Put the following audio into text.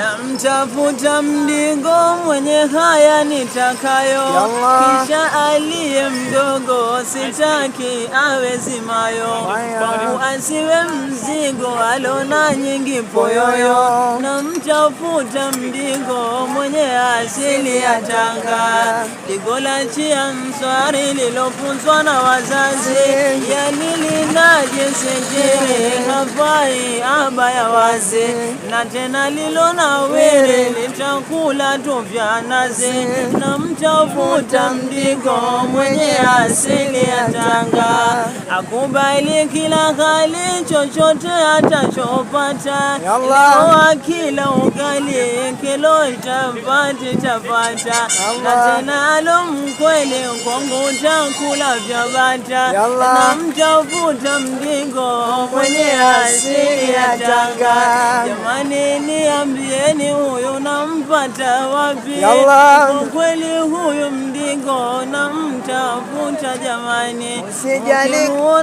namtafuta mdigo mwenye haya nitakayo, kisha aliye mdogo sitaki awe zimayo, kwangu asiwe mzigo alona nyingi poyoyo. Namtafuta mdigo mwenye asili ya Tanga, digo la chia mswari lilofunzwa na wazazi, yani linaje sekere hafai aba ya wazi na tena lilona were nitakula tu vya nazi na mtafuta mdigo mwenye asili ya Tanga akubali kila hali chochote atachopata, kila ugali kelo chapati chapata na tena lo mkwele kwangu utakula vya bata na mtavuta mgingo mwenye asili ya Tanga. Jamani, niambieni huyu nampata wapi? ukweli kweli huyu mdingo mtavuta jamani, usijali